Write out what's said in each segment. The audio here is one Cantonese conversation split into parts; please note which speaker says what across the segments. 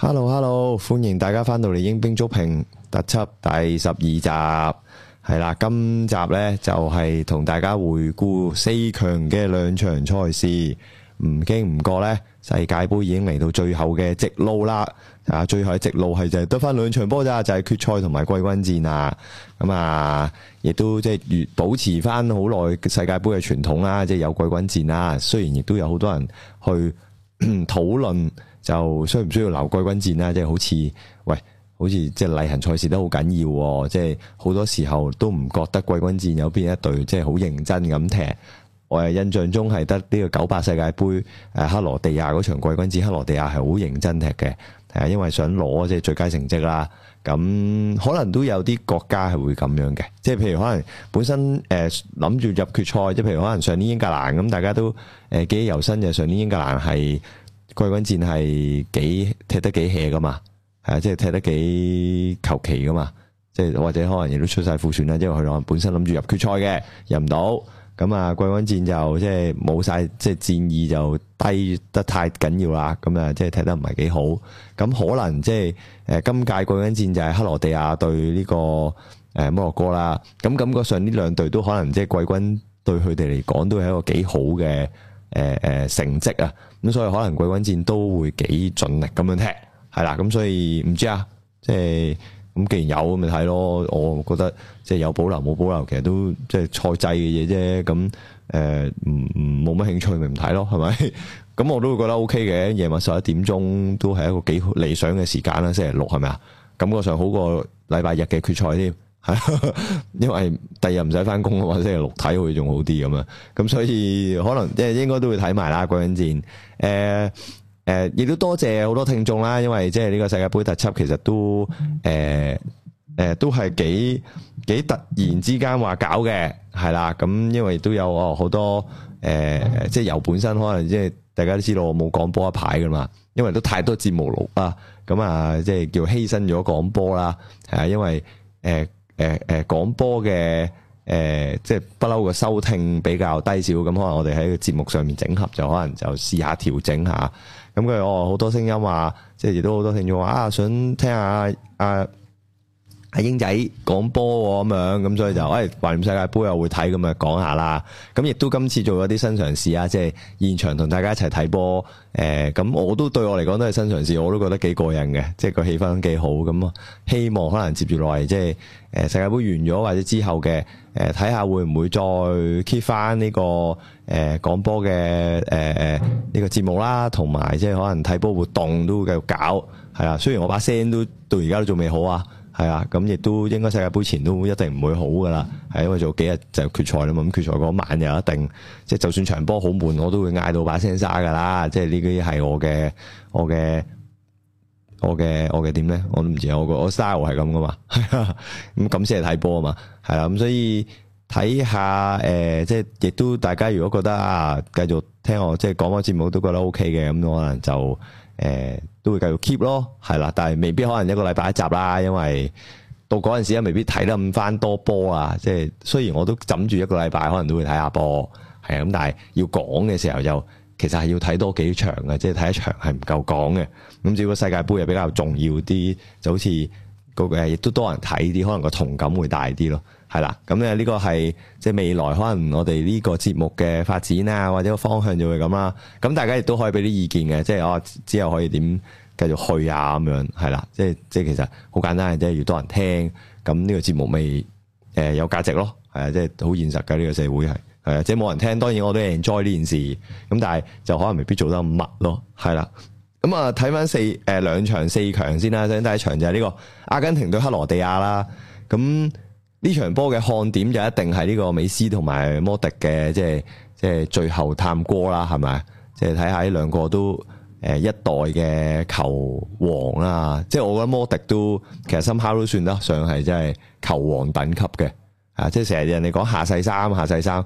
Speaker 1: hello hello，歡迎大家翻到嚟《鷹兵足評》特輯第十二集，係啦，今集呢就係、是、同大家回顧四強嘅兩場賽事，唔經唔覺呢，世界盃已經嚟到最後嘅直路啦，啊，最後嘅直路係就係得翻兩場波咋，就係、是、決賽同埋季軍戰啊，咁啊，亦都即係越保持翻好耐世界盃嘅傳統啦，即、就、係、是、有季軍戰啊，雖然亦都有好多人去討論。 討論就需唔需要留季軍戰啦？即係好似，喂，好似即係例行賽事都好緊要喎。即係好多時候都唔覺得季軍戰有邊一隊即係好認真咁踢。我印象中係得呢個九八世界盃誒克羅地亞嗰場季軍戰，克羅地亞係好認真踢嘅。誒，因為想攞即係最佳成績啦。咁可能都有啲國家係會咁樣嘅。即係譬如可能本身誒諗住入決賽，即係譬如可能上年英格蘭咁，大家都誒記憶猶新嘅。呃，就上年英格蘭係。季軍戰係幾踢得幾 hea 噶嘛，係、啊、即係踢得幾求其噶嘛，即係或者可能亦都出晒副選啦，因為佢諗本身諗住入決賽嘅入唔到，咁、嗯、啊季軍戰就即係冇晒即係戰意就低得太緊要啦，咁、嗯、啊即係踢得唔係幾好，咁、嗯、可能即係誒今屆季軍戰就係克羅地亞對呢、這個誒、欸、摩洛哥啦，咁感覺上呢兩隊都可能即係季軍對佢哋嚟講都係一個幾好嘅。誒誒、呃呃，成績啊，咁、嗯、所以可能季軍戰都會幾盡力咁樣踢，係啦，咁、嗯、所以唔知啊，即係咁既然有咁咪睇咯，我覺得即係有保留冇保留，其實都即係賽制嘅嘢啫，咁誒唔冇乜興趣咪唔睇咯，係咪？咁、 嗯、我都會覺得 O K 嘅，夜晚十一點鐘都係一個幾理想嘅時間啦，星期六係咪啊？感覺上好過禮拜日嘅決賽添。係， 因為第日唔使翻工嘅話，星期六睇會仲好啲咁啊，咁所以可能即係應該都會睇埋啦《鬼影戰》呃。誒、呃、誒，亦都多謝好多聽眾啦，因為即係呢個世界杯特輯其實都誒誒、呃呃，都係幾幾突然之間話搞嘅，係啦。咁因為都有哦，好多誒，即係、嗯、由本身可能即係大家都知道我冇講波一排噶嘛，因為都太多節目錄啊，咁啊，即係叫犧牲咗廣播啦，係啊，因為誒。呃誒誒、欸欸、廣播嘅誒、欸，即係不嬲嘅收聽比較低少，咁可能我哋喺個節目上面整合，就可能就試下調整下。咁佢我好多聲音話，即係亦都好多聽眾話啊，想聽下啊。鷹仔講波咁、哦、樣咁，所以就誒，懷、哎、念世界盃又會睇咁啊，講下啦。咁亦都今次做咗啲新嘗試啊，即係現場同大家一齊睇波。誒、呃、咁，我都對我嚟講都係新嘗試，我都覺得幾過癮嘅，即係個氣氛幾好咁啊。希望可能接住落嚟，即係誒、呃、世界盃完咗或者之後嘅誒，睇、呃、下會唔會再 keep 翻呢個誒、呃、講波嘅誒呢個節目啦，同埋即係可能睇波活動都會繼續搞係啊。雖然我把聲都到而家都仲未好啊。係啊，咁亦都應該世界盃前都一定唔會好噶啦，係因為仲有幾日就決賽啦嘛，咁決賽嗰晚又一定，即係就算場波好悶，我都會嗌到把聲沙噶啦，即係呢啲係我嘅，我嘅，我嘅，我嘅點咧，我都唔知我個我 style 係咁噶嘛，咁咁先係睇波啊嘛，係啊。咁、嗯、所以睇下誒、呃，即係亦都大家如果覺得啊，繼續聽我即係講開節目都覺得 OK 嘅，咁、嗯、可能就。誒都會繼續 keep 咯，係啦，但係未必可能一個禮拜一集啦，因為到嗰陣時未必睇得咁翻多波啊，即係雖然我都枕住一個禮拜，可能都會睇下波，係啊，咁但係要講嘅時候，又其實係要睇多幾場嘅，即係睇一場係唔夠講嘅，咁如果世界盃又比較重要啲，就好似、個亦都多人睇啲，可能個同感會大啲咯。係啦，咁咧呢個係即係未來可能我哋呢個節目嘅發展啊，或者個方向就會咁啦。咁大家亦都可以俾啲意見嘅，即係我之後可以點繼續去啊咁樣，係啦，即係即係其實好簡單嘅啫，即係越多人聽，咁呢個節目咪誒有價、呃、值咯，係啊，即係好現實噶呢、這個社會係，係啊，即係冇人聽，當然我都 enjoy 呢件事，咁但係就可能未必做得咁密咯，係啦。咁啊睇翻四誒兩、呃、場四強先啦，第一場就係呢、這個阿根廷對克羅地亞啦，咁、嗯。呢場波嘅看點就一定係呢個美斯同埋摩迪嘅、就是，即係即係最後探戈啦，係咪？即係睇下呢兩個都誒、呃、一代嘅球王啦。即、就、係、是、我覺得摩迪都其實 somehow 都算得上係真係球王等級嘅。啊，即係成日人哋講下世三下世三，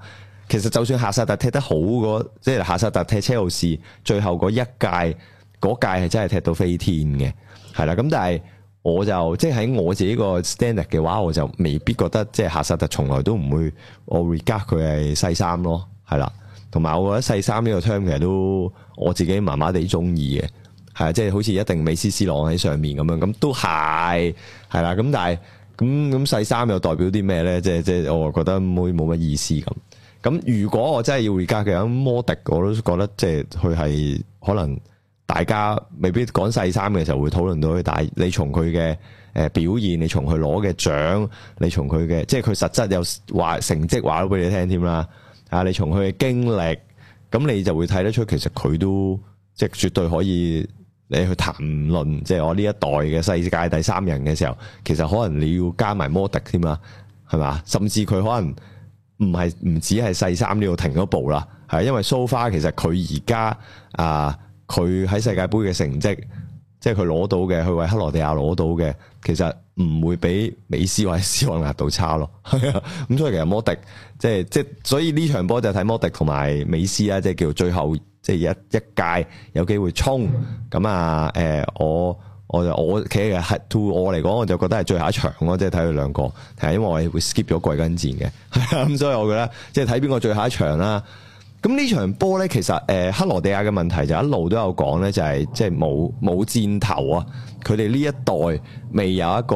Speaker 1: 其實就算夏薩特踢得好嗰，即係夏薩特踢車路士，最後嗰一屆嗰屆係真係踢到飛天嘅，係啦。咁但係。我就即係喺我自己個 standard 嘅話，我就未必覺得即係夏薩特從來都唔會我 regard 佢係細三咯，係啦，同埋我覺得細三呢個 term 其實都我自己麻麻地中意嘅，係啊，即係好似一定美斯斯、C 朗喺上面咁樣，咁都係係啦，咁但係咁咁細三又代表啲咩咧？即係即係我覺得冇冇乜意思咁。咁如果我真係要 regard 嘅咁摩迪，我都覺得即係佢係可能。大家未必講細三嘅時候會討論到佢，但你從佢嘅誒表現，你從佢攞嘅獎，你從佢嘅即係佢實質有話成績話咗俾你聽添啦。啊，你從佢嘅經歷，咁你就會睇得出其實佢都即係絕對可以你去談論，即係我呢一代嘅世界第三人嘅時候，其實可能你要加埋摩迪添啊，係嘛？甚至佢可能唔係唔止係細三呢度停咗步啦，係因為 so far 其實佢而家啊。佢喺世界盃嘅成績，即係佢攞到嘅，佢為克羅地亞攞到嘅，其實唔會比美斯或者斯旺拿度差咯。咁所以其實摩迪即係即係，所以呢場波就睇摩迪同埋美斯啊，即係叫最後即係一一屆有機會衝咁啊。誒、欸，我我就我企嘅 head to 我嚟講我就覺得係最後一場咯，即係睇佢兩個，係因為我會 skip 咗季軍戰嘅，咁所以我覺得即係睇邊個最後一場啦。咁呢場波呢，其實誒克羅地亞嘅問題就一路都有講呢，就係即係冇冇箭頭啊！佢哋呢一代未有一個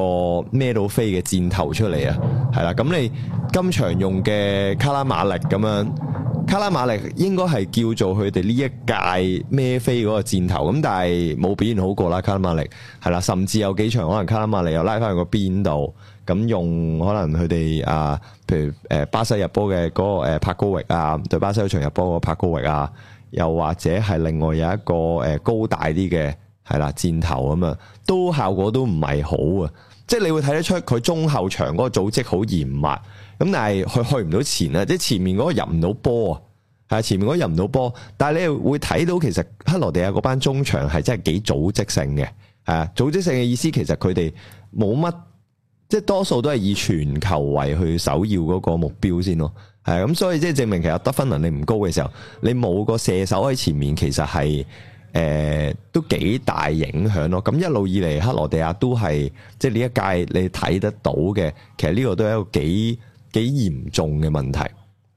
Speaker 1: 孭到飛嘅箭頭出嚟啊，係啦。咁你今場用嘅卡拉馬力咁樣，卡拉馬力應該係叫做佢哋呢一屆孭飛嗰個箭頭，咁但係冇表現好過啦。卡拉馬力係啦，甚至有幾場可能卡拉馬力又拉翻去個邊度。咁用可能佢哋啊，譬如誒、呃、巴西入波嘅嗰個誒、呃、帕高域啊，對巴西嗰場入波個帕高域啊，又或者係另外有一個誒、呃、高大啲嘅係啦箭頭咁啊，都效果都唔係好啊，即係你會睇得出佢中後場嗰個組織好嚴密，咁但係佢去唔到前啊，即係前面嗰個入唔到波啊，係前面嗰個入唔到波，但係你又會睇到其實克羅地亞嗰班中場係真係幾組織性嘅，係啊組織性嘅意思其實佢哋冇乜。即係多數都係以全球為去首要嗰個目標先咯，係咁，所以即係證明其實得分能力唔高嘅時候，你冇個射手喺前面，其實係誒、呃、都幾大影響咯。咁一路以嚟，就是，克羅地亞都係即係呢一屆你睇得到嘅，其實呢個都係一個幾幾嚴重嘅問題，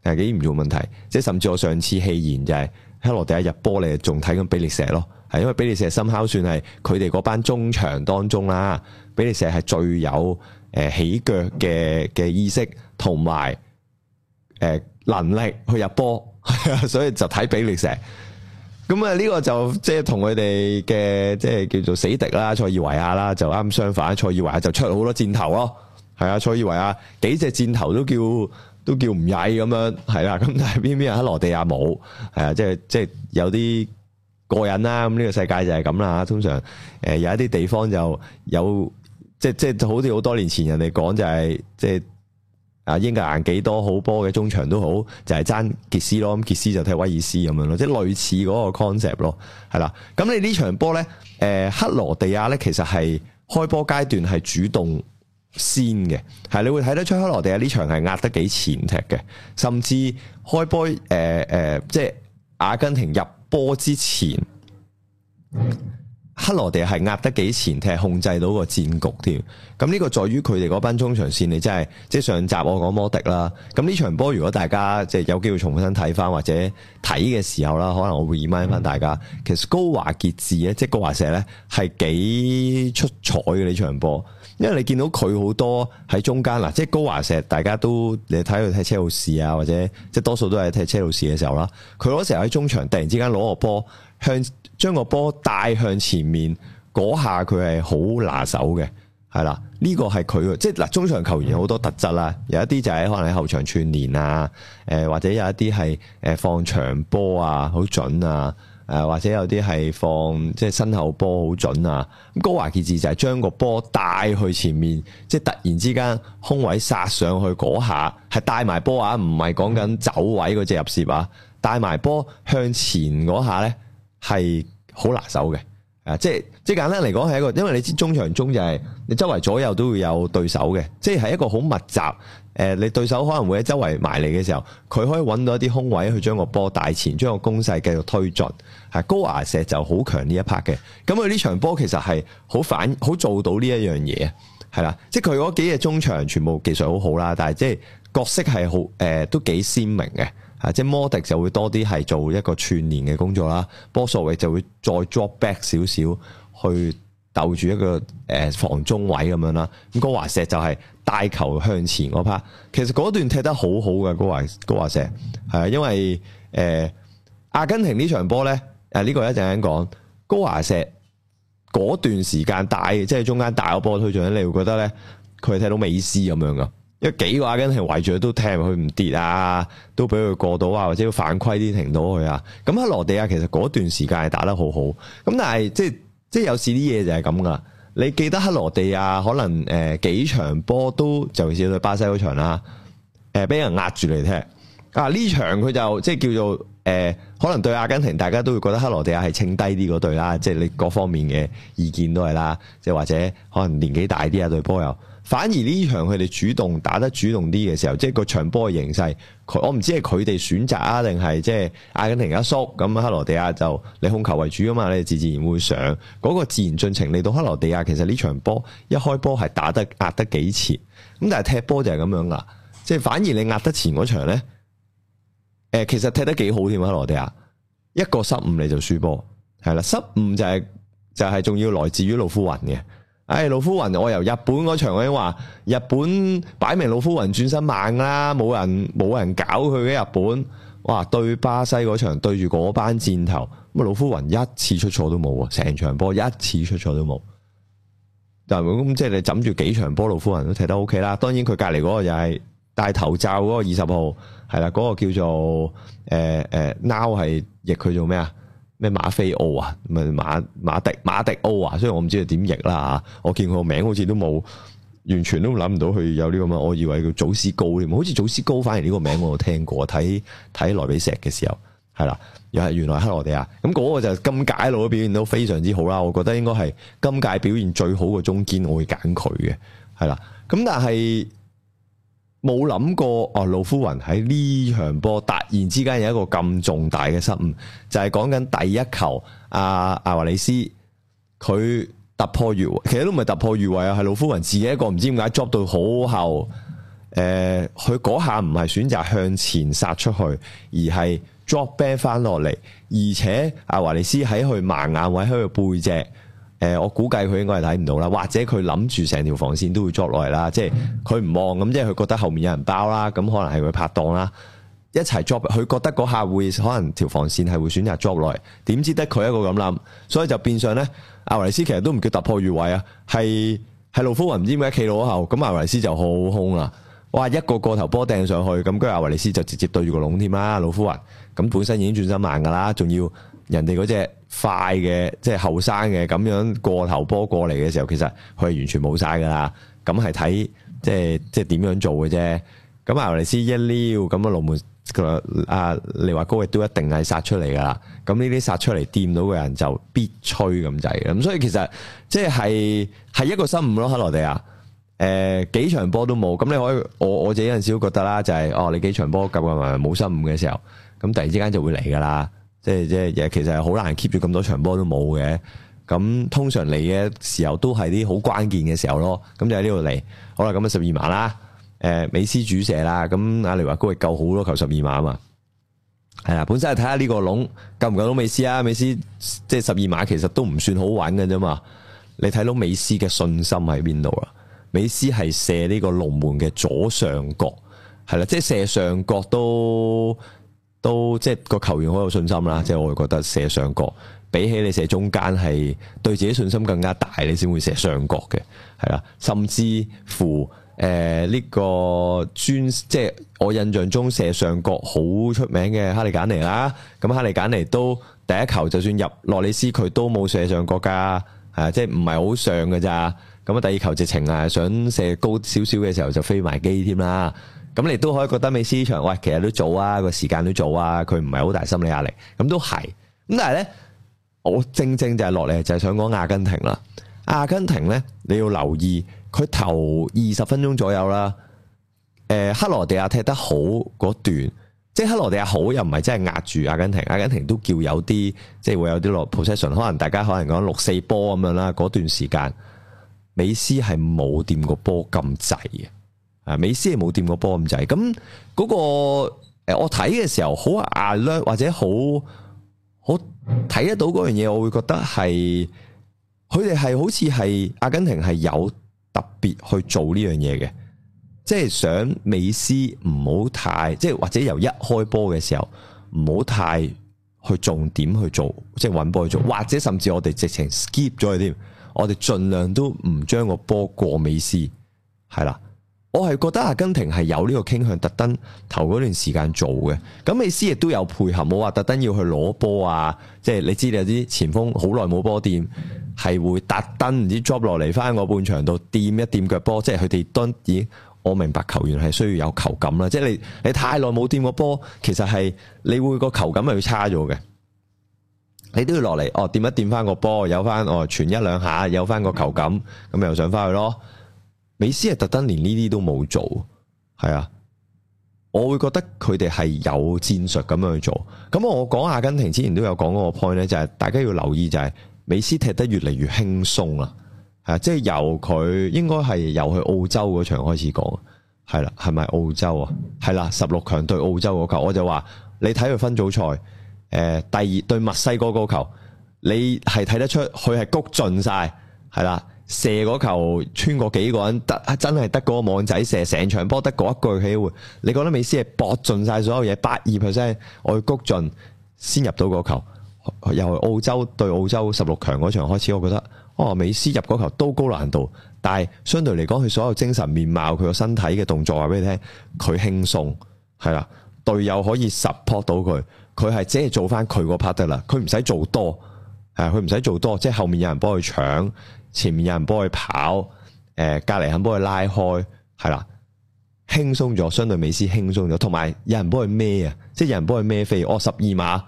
Speaker 1: 係幾嚴重嘅問題。即係甚至我上次戲言就係克羅地亞入波，你仲睇緊比利石咯，係因為比利石 somehow 算係佢哋嗰班中場當中啦，比利石係最有。誒，起腳嘅嘅意識同埋誒能力去入波， 所以就睇比利時。咁啊，呢個就即係同佢哋嘅即係叫做死敵啦，塞爾維亞啦，就啱相反。塞爾維亞就出好多箭頭咯，係啊，塞爾維亞幾隻箭頭都叫都叫唔曳咁樣，係、啊啊就是就是、啦。咁但係邊邊喺克羅地亞冇，係啊，即係即係有啲過癮啦。咁呢個世界就係咁啦。通常誒、呃，有一啲地方就有。即即好似好多年前人哋講，就係即阿英格蘭幾多好波嘅中場都好，就係爭傑斯咯，咁傑斯就踢威爾斯咁樣咯，即類似嗰個 concept 咯，係啦。咁你呢場波呢？誒、呃、黑羅地亞呢，其實係開波階段係主動先嘅，係你會睇得出克羅地亞呢場係壓得幾前踢嘅，甚至開波誒誒，即阿根廷入波之前。嗯克羅地係壓得幾前踢，控制到個戰局添。咁呢個在於佢哋嗰班中場線，你真係即係上集我講摩迪啦。咁呢場波如果大家即係有機會重新睇翻，或者睇嘅時候啦，可能我會 remind 翻大家。其實高華傑治咧，即係高華石咧，係幾出彩嘅呢場波，因為你見到佢好多喺中間嗱，即係高華石，大家都你睇佢踢車路士啊，或者即係多數都係踢車路士嘅時候啦。佢嗰時候喺中場突然之間攞個波向。將個波帶向前面嗰下，佢係好拿手嘅，係啦。呢個係佢即係嗱，中場球員好多特質啦，有一啲就喺可能喺後場串聯啊，誒、呃、或者有一啲係誒放長波啊，好準啊，誒、呃、或者有啲係放即係身後波好準啊。咁高華傑治就係將個波帶去前面，即係突然之間空位殺上去嗰下，係帶埋波啊，唔係講緊走位嗰隻入楔啊，帶埋波向前嗰下呢。係好拿手嘅，誒、啊，即係即係簡單嚟講，係一個，因為你知中場中就係你周圍左右都會有對手嘅，即係係一個好密集，誒、呃，你對手可能會喺周圍埋你嘅時候，佢可以揾到一啲空位去將個波帶前，將個攻勢繼續推進，係、啊、高華錫就好強呢一 part 嘅，咁佢呢場波其實係好反好做到呢一樣嘢，係啦，即係佢嗰幾隻中場全部技術好好啦，但係即係角色係好、誒、呃，都幾鮮明嘅。啊！即係摩迪就會多啲係做一個串連嘅工作啦，波索維就會再 drop back 少少去鬥住一個誒防中位咁樣啦。咁高華錫就係帶球向前嗰 part，其實嗰段踢得好好嘅高華錫高華錫係啊，嗯、因為誒、呃、阿根廷呢場波呢，誒、啊、呢、呢個一陣間講高華錫嗰段時間帶即係中間帶個波推進咧，你會覺得呢，佢踢到美斯咁樣噶。因為幾個阿根廷圍住佢都踢，佢唔跌啊，都俾佢過到啊，或者要犯規啲停到佢啊。咁克羅地亞其實嗰段時間係打得好好，咁但係即係即係有時啲嘢，就係咁㗎。你記得克羅地亞可能誒、呃、幾場波都，尤其是對巴西嗰場啦，誒、呃、俾人壓住嚟踢啊，呢場佢就即係叫做誒、呃、可能對阿根廷大家都會覺得克羅地亞係清低啲嗰隊啦，即係你各方面嘅意見都係啦，即係或者可能年紀大啲啊，對波友。反而呢場佢哋主動打得主動啲嘅時候，即係個場波嘅形勢，佢我唔知係佢哋選擇啊，定係即係阿根廷一叔咁，克羅地亞就你控球為主啊嘛，你自自然會上嗰個自然進程。嚟到克羅地亞，其實呢場波一開波係打得壓得幾前，咁但係踢波就係咁樣噶，即係反而你壓得前嗰場咧，誒其實踢得幾好添啊！克羅地亞一個失誤你就輸波，係啦，失誤就係就係仲要來自於老夫雲嘅。誒，老夫雲，我由日本嗰場已經話，日本擺明老夫雲轉身慢啦，冇人冇人搞佢嘅日本。哇，對巴西嗰場對住嗰班箭頭，咁啊老夫雲一次出錯都冇，成場波一次出錯都冇。但係咁即係你枕住幾場波，老夫雲都踢得 OK 啦。當然佢隔籬嗰個又係戴頭罩嗰個二十號，係啦，嗰個叫做誒誒，now 係譯佢做咩啊？咩馬菲奧啊，咪馬馬迪馬迪奧啊，雖然我唔知佢點譯啦吓，我見佢個名好似都冇，完全都諗唔到佢有呢個咁，我以為叫祖斯高添，好似祖斯高反而呢個名我有聽過，睇睇萊比錫嘅時候係啦，又係原來克羅地亞，咁嗰個就係今屆一路嘅表現都非常之好啦，我覺得應該係今屆表現最好嘅中堅，我會揀佢嘅係啦，咁但係。冇諗過哦，老夫雲喺呢場波突然之間有一個咁重大嘅失誤，就係講緊第一球，阿阿華利斯佢突破越位，其實都唔係突破越位啊，係老夫雲自己一個唔知點解 drop 到好後，誒、呃，佢嗰下唔係選擇向前殺出去，而係 drop back 翻落嚟，而且阿、啊、華利斯喺佢盲眼位喺佢背脊。誒、呃，我估計佢應該係睇唔到啦，或者佢諗住成條防線都會捉落嚟啦，即係佢唔望咁，即係佢覺得後面有人包啦，咁可能係佢拍檔啦，一齊捉，佢覺得嗰下會可能條防線係會選擇捉落嚟，點知得佢一個咁諗，所以就變相呢，阿維尼斯其實都唔叫突破越位啊，係係盧夫雲唔知點解企到嗰後，咁阿維尼斯就好空啦，哇一個過頭波掟上去，咁跟住阿維尼斯就直接對住個籠添啦。盧夫雲，咁本身已經轉身慢噶啦，仲要。人哋嗰隻快嘅，即係後生嘅咁樣過頭波過嚟嘅時候，其實佢係完全冇晒噶啦。咁係睇即係即係點樣做嘅啫。咁阿羅尼斯一溜，咁啊龍門個利華高亦都一定係殺出嚟噶啦。咁呢啲殺出嚟掂到嘅人就必吹咁滯。咁所以其實即係係一個失誤咯，克羅地亞。誒、呃、幾場波都冇，咁你可以我我自己有陣時都覺得啦、就是，就係哦你幾場波咁啊冇失誤嘅時候，咁突然之間就會嚟噶啦。即係即係，其實好難 keep 住咁多場波都冇嘅。咁通常嚟嘅時候都係啲好關鍵嘅時候咯。咁就喺呢度嚟。好啦，咁啊十二碼啦。誒，美斯主射啦。咁阿利華高係救好多球十二碼啊嘛。係啦，本身係睇下呢個籠夠唔夠到美斯啊？美斯即係十二碼，就是，碼其實都唔算好穩嘅啫嘛。你睇到美斯嘅信心喺邊度啦？美斯係射呢個龍門嘅左上角，係啦，即係射上角都。都即係個球員好有信心啦，即係我會覺得射上角比起你射中間係對自己信心更加大，你先會射上角嘅，係啦。甚至乎誒呢、呃這個專即係我印象中射上角好出名嘅哈利簡尼啦。咁哈利簡尼,尼都第一球就算入洛里斯佢都冇射上角噶，吓即係唔係好上嘅咋。咁啊第二球直情啊想射高少少嘅時候就飛埋機添啦。咁你都可以覺得美斯場，喂，其實都早啊，個時間都早啊，佢唔係好大心理壓力，咁都係。咁但係呢，我正正就係落嚟就係想講阿根廷啦。阿根廷呢，你要留意，佢頭二十分鐘左右啦，誒、呃，克羅地亞踢得好嗰段，即係克羅地亞好又唔係真係壓住阿根廷，阿根廷都叫有啲，即係會有啲落 position，可能大家可能講六四波咁樣啦，嗰段時間，美斯係冇掂個波咁滯嘅。啊！美斯係冇掂過波咁滯，咁嗰個誒，我睇嘅時候好 alert 或者好好睇得到嗰樣嘢，我會覺得係佢哋係好似係阿根廷係有特別去做呢樣嘢嘅，即係想美斯唔好太即係或者由一開波嘅時候唔好太去重點去做，即係搵波去做，或者甚至我哋直情 skip 咗佢添，我哋盡量都唔將個波過美斯，係啦。我係覺得阿根廷係有呢個傾向，特登頭嗰段時間做嘅。咁美斯亦都有配合，冇話特登要去攞波啊！即係你知啦，啲前鋒好耐冇波掂，係會特登唔知 drop 落嚟翻個半場度掂一掂腳波。即係佢哋當然，我明白球員係需要有球感啦。即係你你太耐冇掂個波，其實係你會個球感係會差咗嘅。你都要落嚟哦，掂一掂翻個波，有翻哦，傳一兩下，有翻個球感，咁又上翻去咯。美斯係特登連呢啲都冇做，係啊，我會覺得佢哋係有戰術咁樣去做。咁我講阿根廷之前都有講嗰個 point 呢，就係、是，大家要留意就係美斯踢得越嚟越輕鬆啊，係即係由佢應該係由去澳洲嗰場開始講，係啦、啊，係咪澳洲啊？係啦、啊，十六強對澳洲嗰球，我就話你睇佢分組賽，誒、呃，第二對墨西哥嗰球，你係睇得出佢係谷盡晒，係啦、啊。射嗰球穿過幾個人得，真係得嗰個網仔射成場波得嗰一句機會。你覺得美斯係搏盡晒所有嘢，八二 percent，我要谷盡先入到個球。由澳洲對澳洲十六強嗰場開始，我覺得哦，美斯入嗰球都高難度，但相對嚟講，佢所有精神面貌、佢個身體嘅動作，話俾你聽，佢輕鬆係啦。隊友可以 support 到佢，佢係只係做翻佢個 part 得啦，佢唔使做多，係佢唔使做多，即係後面有人幫佢搶。前面有人幫佢跑，誒、呃，隔離肯幫佢拉開，係啦，輕鬆咗，相對美斯輕鬆咗，同埋有，有人幫佢孭啊，即係有人幫佢孭飛，哦，十二碼，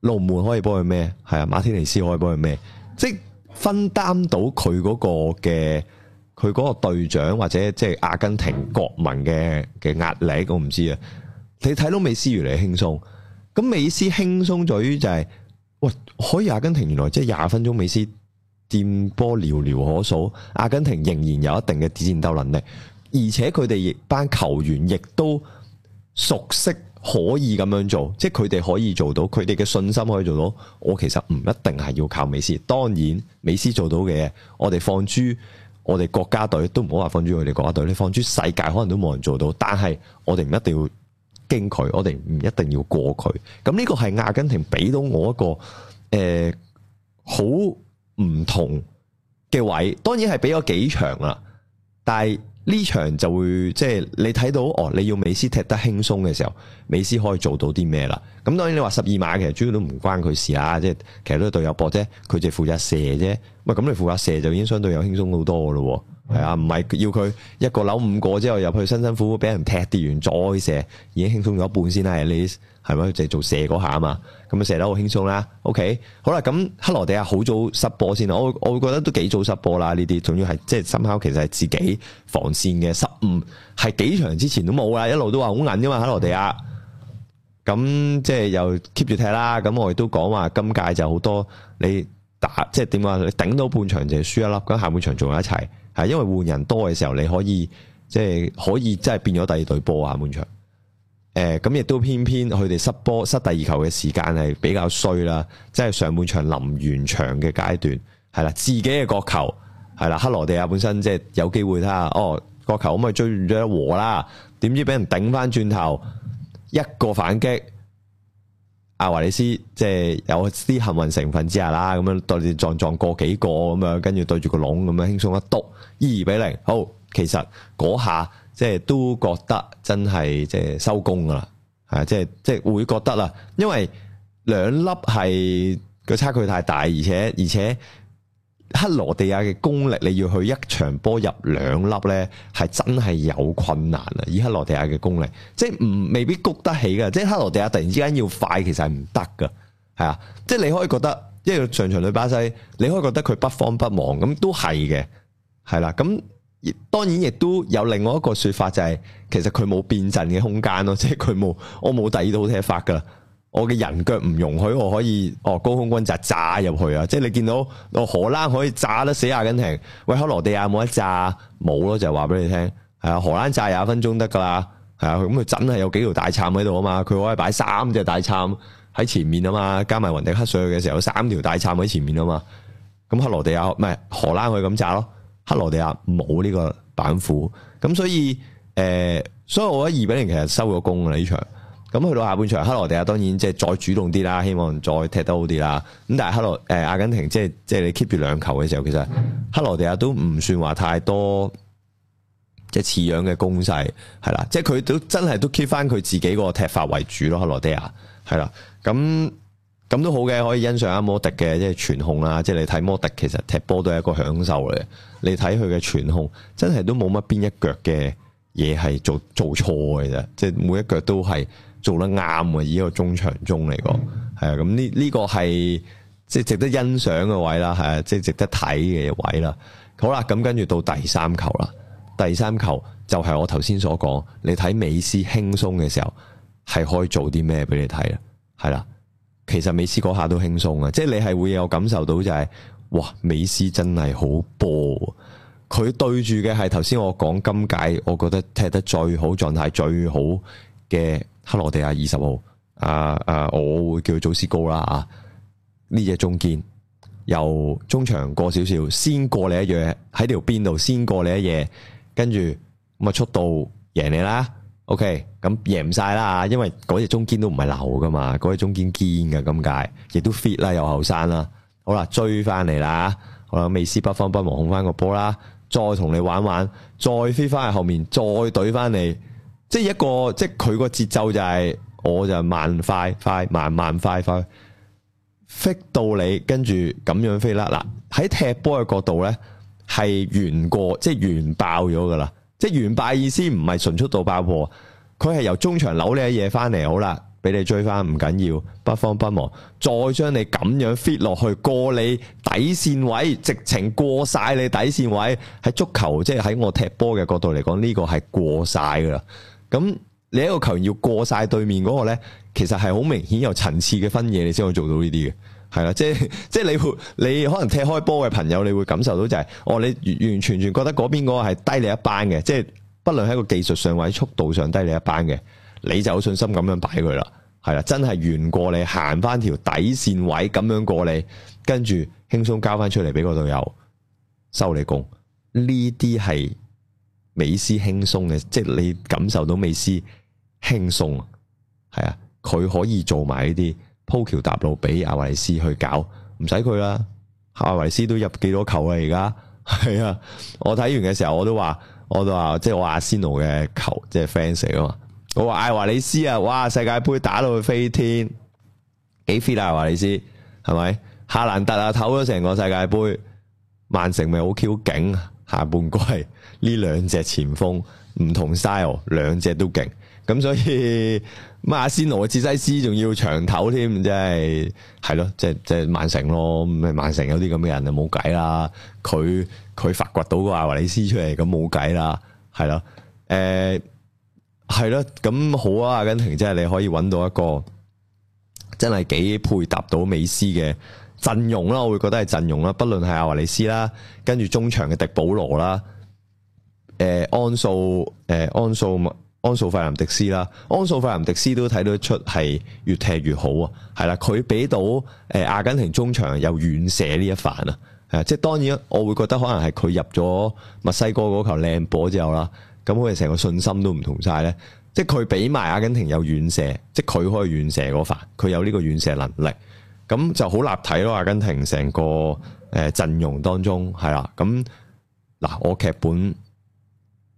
Speaker 1: 龍門可以幫佢孭，係啊，馬天尼斯可以幫佢孭，即係分擔到佢嗰個嘅佢嗰個隊長或者即係阿根廷國民嘅嘅壓力，我唔知啊。你睇到美斯越嚟輕鬆，咁美斯輕鬆在於就係、是，喂，可以阿根廷原來即係廿分鐘美斯。戰波寥寥可數，阿根廷仍然有一定嘅戰鬥能力，而且佢哋亦班球員亦都熟悉可以咁樣做，即係佢哋可以做到，佢哋嘅信心可以做到。我其實唔一定係要靠美斯，當然美斯做到嘅嘢，我哋放諸，我哋國家隊都唔好話放諸，我哋國家隊，你放諸世界可能都冇人做到，但係我哋唔一定要驚佢，我哋唔一定要過佢。咁呢個係阿根廷俾到我一個誒好。呃唔同嘅位，當然係比咗幾場啦，但係呢場就會即係你睇到哦，你要美斯踢得輕鬆嘅時候，美斯可以做到啲咩啦？咁當然你話十二碼其實主要都唔關佢事啊，即係其實都隊友搏啫，佢就負責射啫。咁你負責射就已經相對有輕鬆好多嘅咯，係啊，唔係要佢一個扭五個之後入去辛辛苦苦俾人踢跌完再射，已經輕鬆咗一半先啦，係咪先？係咪？淨係做射嗰下啊嘛，咁啊射得好輕鬆啦。OK，好啦，咁克羅地亞好早失波先啦，我我會覺得都幾早失波啦。呢啲，仲要係即係深刻，其實係自己防線嘅失誤，係幾場之前都冇啦，一路都話好硬噶嘛。克羅地亞，咁即係又 keep 住踢啦。咁我亦都講話今屆就好多你打，即係點講？你頂到半場就輸一粒，咁下半場仲有一齊。係因為換人多嘅時候，你可以即係可以即係變咗第二隊波啊！下半場。誒，咁亦都偏偏佢哋失波失第二球嘅時間係比較衰啦，即係上半場臨完場嘅階段，係啦，自己嘅角球係啦，克羅地亞本身即係有機會睇下哦，角球咁咪追咗一和啦，點知俾人頂翻轉頭一個反擊，阿、啊、華里斯即係、就是、有啲幸運成分之下啦，咁樣對住撞撞過幾個咁樣，跟住對住個籠咁樣輕鬆一篤二比零，0, 好，其實嗰下。即係都覺得真係即係收工噶啦，係即係即係會覺得啦，因為兩粒係個差距太大，而且而且克羅地亞嘅功力你要去一場波入兩粒呢，係真係有困難啊！以克羅地亞嘅功力，即係唔未必谷得起噶，即係克羅地亞突然之間要快，其實係唔得噶，係啊！即係你可以覺得，因為上場對巴西，你可以覺得佢不慌不忙，咁都係嘅，係啦，咁。當然亦都有另外一個説法，就係其實佢冇變陣嘅空間咯，即係佢冇我冇第二套踢法噶。我嘅人腳唔容許，我可以哦高空軍炸炸入去啊！即係你見到哦荷蘭可以炸得死阿根廷，喂克羅地亞冇得炸，冇咯，就係話俾你聽係啊荷蘭炸廿分鐘得㗎啦，係啊咁佢真係有幾條大杉喺度啊嘛，佢可以擺三隻大杉喺前面啊嘛，加埋雲迪克上去嘅時候有三條大杉喺前面啊嘛，咁克羅地亞咪荷蘭可以咁炸咯。克羅地亞冇呢個板斧，咁所以誒、呃，所以我覺得二比零其實收咗工啦呢場。咁去到下半場，克羅地亞當然即係再主動啲啦，希望再踢得好啲啦。咁但係克羅誒、呃、阿根廷、就是，即係即係你 keep 住兩球嘅時候，其實克羅地亞都唔算話太多，即係似樣嘅攻勢係啦。即係佢都真係都 keep 翻佢自己個踢法為主咯。克羅地亞係啦，咁。咁都好嘅，可以欣賞阿摩迪嘅，即係傳控啦。即係你睇摩迪其實踢波都係一個享受嚟。你睇佢嘅傳控，真係都冇乜邊一腳嘅嘢係做做錯嘅啫。即係每一腳都係做得啱嘅，以個中場中嚟講、嗯這個。係啊，咁呢呢個係即係值得欣賞嘅位啦，係啊，即係值得睇嘅位啦。好啦，咁跟住到第三球啦。第三球就係我頭先所講，你睇美斯輕鬆嘅時候，係可以做啲咩俾你睇啦？係啦。其實美斯嗰下都輕鬆啊，即係你係會有感受到就係，是，哇，美斯真係好波，佢對住嘅係頭先我講今屆我覺得踢得最好狀態最好嘅克羅地亞二十號，啊啊，我會叫佢祖師高啦啊，呢隻中堅由中場過少少，先過你一夜喺條邊度，先過你一夜，跟住咁啊，速度贏你啦。O.K. 咁贏晒啦，因為嗰隻中堅都唔係流噶嘛，嗰隻中堅堅噶、啊，咁解亦都 fit 啦，又後生啦。好啦，追翻嚟啦，好啦，美斯不慌不忙控翻個波啦，再同你玩玩，再飛翻去後面，再懟翻你，即係一個即係佢個節奏就係、是，我就慢快快慢慢快快，fit 到你，跟住咁樣 fit 啦。嗱，喺踢波嘅角度呢，係完過即係完爆咗噶啦。即係完敗意思唔係純速度爆破，佢係由中場扭你啲嘢，翻嚟好啦，俾你追翻唔緊要，不慌不忙，再將你咁樣 fit 落去過你底綫位，直情過晒你底綫位。喺足球，即係喺我踢波嘅角度嚟講，呢個係過晒噶啦。咁你一個球員要過晒對面嗰個呢，其實係好明顯有層次嘅分野，你先可以做到呢啲嘅。係啦，即係即係你會，你可能踢開波嘅朋友，你會感受到就係、是，哦，你完完全全覺得嗰邊嗰個係低你一班嘅，即係不論喺個技術上或者、速度上低你一班嘅，你就有信心咁樣擺佢啦，係啦，真係完過你，行翻條底線位咁樣過你，跟住輕鬆交翻出嚟俾個隊友收你工。呢啲係美斯輕鬆嘅，即係你感受到美斯輕鬆，係啊，佢可以做埋呢啲。鋪橋搭路俾阿維斯去搞，唔使佢啦。阿維斯都入幾多球啊！而家係啊，我睇完嘅時候我都話，我都話，即係我阿仙奴嘅球，即係 fans 啊嘛。我話艾華里斯啊，哇！世界盃打到佢飛天，幾 fit 啊！艾華里斯係咪？夏蘭特啊，唞咗成個世界盃，曼城咪好 Q 勁。下半季呢兩隻前鋒唔同 style，兩隻都勁。咁所以，阿仙奴嘅哲西斯仲要長頭添，即係係咯，即係即係曼城咯，曼城有啲咁嘅人就冇計啦，佢佢發掘到個阿華里斯出嚟，咁冇計啦，係咯，誒，係咯，咁好啊，阿根廷，即係你可以搵到一個真係幾配搭到美斯嘅陣容啦，我會覺得係陣容啦，不論係阿華里斯啦，跟住中場嘅迪保羅啦，誒、呃、安素，誒、呃、安素。安素費林迪斯啦，安素費林迪斯都睇得出係越踢越好啊，係啦，佢俾到誒阿根廷中場有遠射呢一犯啊，誒，即係當然，我會覺得可能係佢入咗墨西哥嗰球靚波之後啦，咁佢哋成個信心都唔同晒咧，即係佢俾埋阿根廷有遠射，即係佢可以遠射嗰犯，佢有呢個遠射能力，咁就好立體咯，阿根廷成個誒陣容當中係啦，咁嗱我劇本。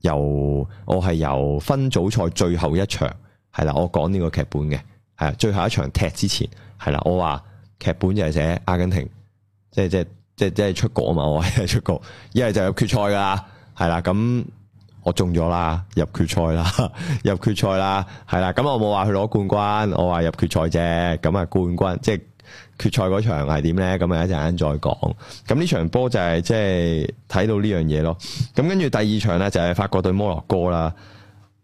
Speaker 1: 由我係由分組賽最後一場係啦，我講呢個劇本嘅，係啊，最後一場踢之前係啦，我話劇本就係寫阿根廷，即係即係即係即係出國啊嘛，我係出國，一係就入決賽噶啦，係啦，咁我中咗啦，入決賽啦，入決賽啦，係啦，咁我冇話去攞冠軍，我話入決賽啫，咁啊冠軍即係。決賽嗰場係點咧？咁，啊一陣間再講。咁呢場波就係、是、即係睇到呢樣嘢咯。咁跟住第二場咧就係法國對摩洛哥啦。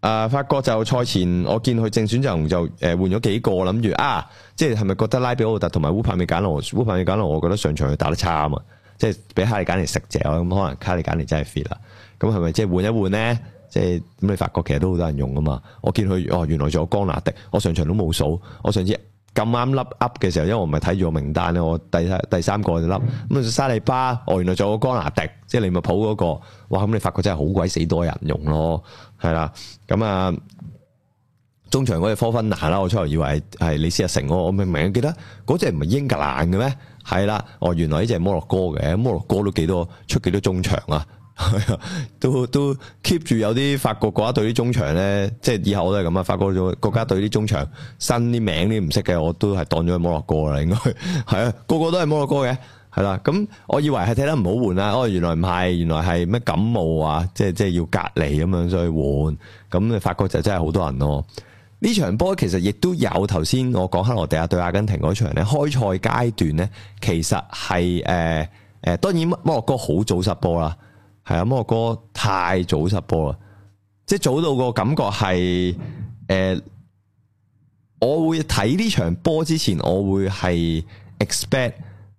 Speaker 1: 啊、呃，法國就賽前我見佢正選陣就誒換咗幾個，諗住啊，即係係咪覺得拉比奧特同埋烏帕美簡羅，烏帕美簡羅，我覺得上場佢打得差啊，即係俾哈利簡尼食淨。咁可能哈利簡尼真係 fit 啦。咁係咪即係換一換呢？即係咁你法國其實都好多人用噶嘛。我見佢哦，原來仲有江拿迪，我上場都冇數，我上次。咁啱粒 up 嘅時候，因為我唔係睇住個名單咧，我第三第三個就粒。咁啊沙利巴哦，原來仲有個剛拿迪，即係利物浦嗰、嗰個，哇咁你發覺真係好鬼死多人用咯，係啦，咁、嗯、啊中場嗰隻科芬拿啦，我初頭以為係李斯啊成，我明明記得嗰隻唔係英格蘭嘅咩，係啦，哦原來呢隻係摩洛哥嘅，摩洛哥都幾多出幾多中場啊？係啊， 都都 keep 住有啲法國國家隊啲中場咧，即係以後我都係咁啊。法國國家隊啲中場新啲名你唔識嘅，我都係當咗摩洛哥啦。應該係啊，個個都係摩洛哥嘅，係啦。咁我以為係踢得唔好換啊，哦，原來唔係，原來係咩感冒啊，即係即係要隔離咁樣所以換。咁你法國就真係好多人咯。呢場波其實亦都有頭先我講克羅地亞對阿根廷嗰場咧，開賽階段咧，其實係誒誒，當然摩洛哥好早失波啦。係啊，摩洛哥太早失波啦，即係早到個感覺係誒、呃，我會睇呢場波之前，我會係 expect 誒、